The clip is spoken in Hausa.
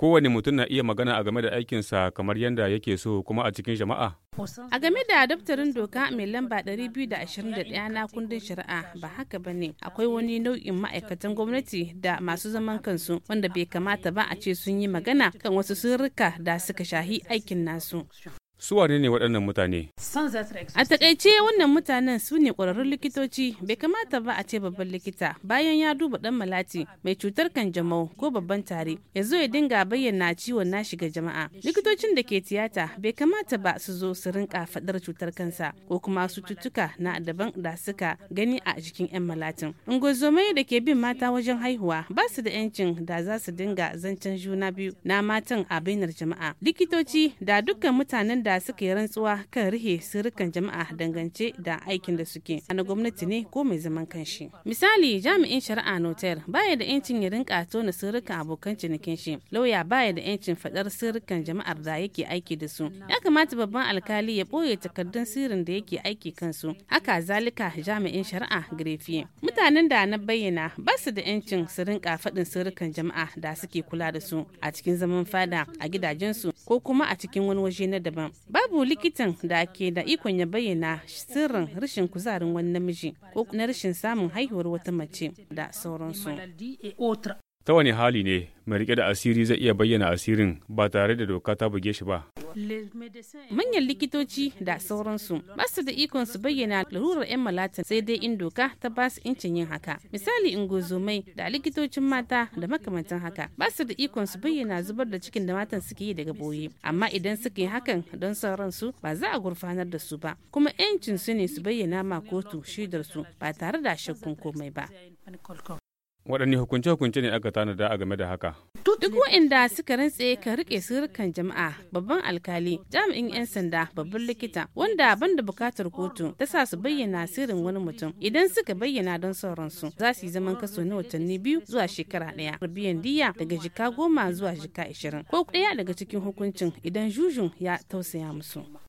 kowane mutum na iya magana a game da aikinsa kamar yadda yake so kuma a cikin jama'a? A game da daftarin doka mai lamba 221 na kundin shari'a ba haka ba ne akwai wani nau'in ma'aikatan gwamnati da masu zaman kansu wanda bai kamata ba a ce sun yi magana kan wasu sirrika da suka shahi aikin nasu. Su wane ne waɗannan mutane? A takaice wannan mutanen su ne ƙwararrun likitoci bai kamata ba a ce babban likita bayan ya duba ɗan malati mai cutar kanjamau ko babban tari ya zo ya dinga bayyana ciwon nashi ga jama'a. Likitocin da ke tiyata bai kamata ba su zo su rinka faɗar cutar kansa ko kuma su cutuka na daban da suka gani a jikin 'yan malatin. Ungozomai da ke bin mata wajen haihuwa ba su da 'yancin da za su dinga zancen juna biyu na matan a bainar jama'a. Likitoci da dukkan mutanen da da suka yi rantsuwa kan rihe sirrukan jama'a dangance da aikin da suke na gwamnati ne ko mai zaman kanshi misali jami'in shari'a notar baya da yancin ya rinka tona sirrukan abokan cinikin shi lauya baya da yancin faɗar sirrukan jama'ar da yake aiki da su ya kamata babban alkali ya ɓoye takardun sirrin da yake aiki kansu haka zalika jami'in shari'a grefi. mutanen da na bayyana ba su da yancin su rinka faɗin sirrukan jama'a da suke kula da su a cikin zaman fada a gidajensu ko kuma a cikin wani waje na daban Babu likitan da ke da ikon ya bayyana sirrin rashin kuzarin wani namiji ko na rashin samun haihuwar wata mace da sauransu. Ta wani hali ne mai rike da asiri zai iya bayyana asirin ba tare da doka ta buge shi ba? Manyan likitoci da sauransu ba su da ikon su bayyana larurar 'yan malatan sai dai in doka ta ba su incin yin haka. Misali ingozomai da likitocin mata da makamantan haka ba su da ikon su bayyana zubar da cikin da matan suke yi daga boye. Amma idan suke hakan don sauransu ba za a gurfanar da su ba. Kuma 'yancin su ne su bayyana ma kotu shaidar su ba tare da shakkun komai ba. Waɗanne hukunce-hukunce ne aka tanada a game da haka? Duk waɗanda suka rantse ka rike sirrukan jama'a babban alkali jami'in 'yan sanda babban likita wanda banda bukatar kotu ta sa su bayyana sirrin wani mutum idan suka bayyana don sauran su za su yi zaman kaso na watanni biyu zuwa shekara ɗaya biyan diya daga jika goma zuwa jika ashirin ko ɗaya daga cikin hukuncin idan jujun ya tausaya musu.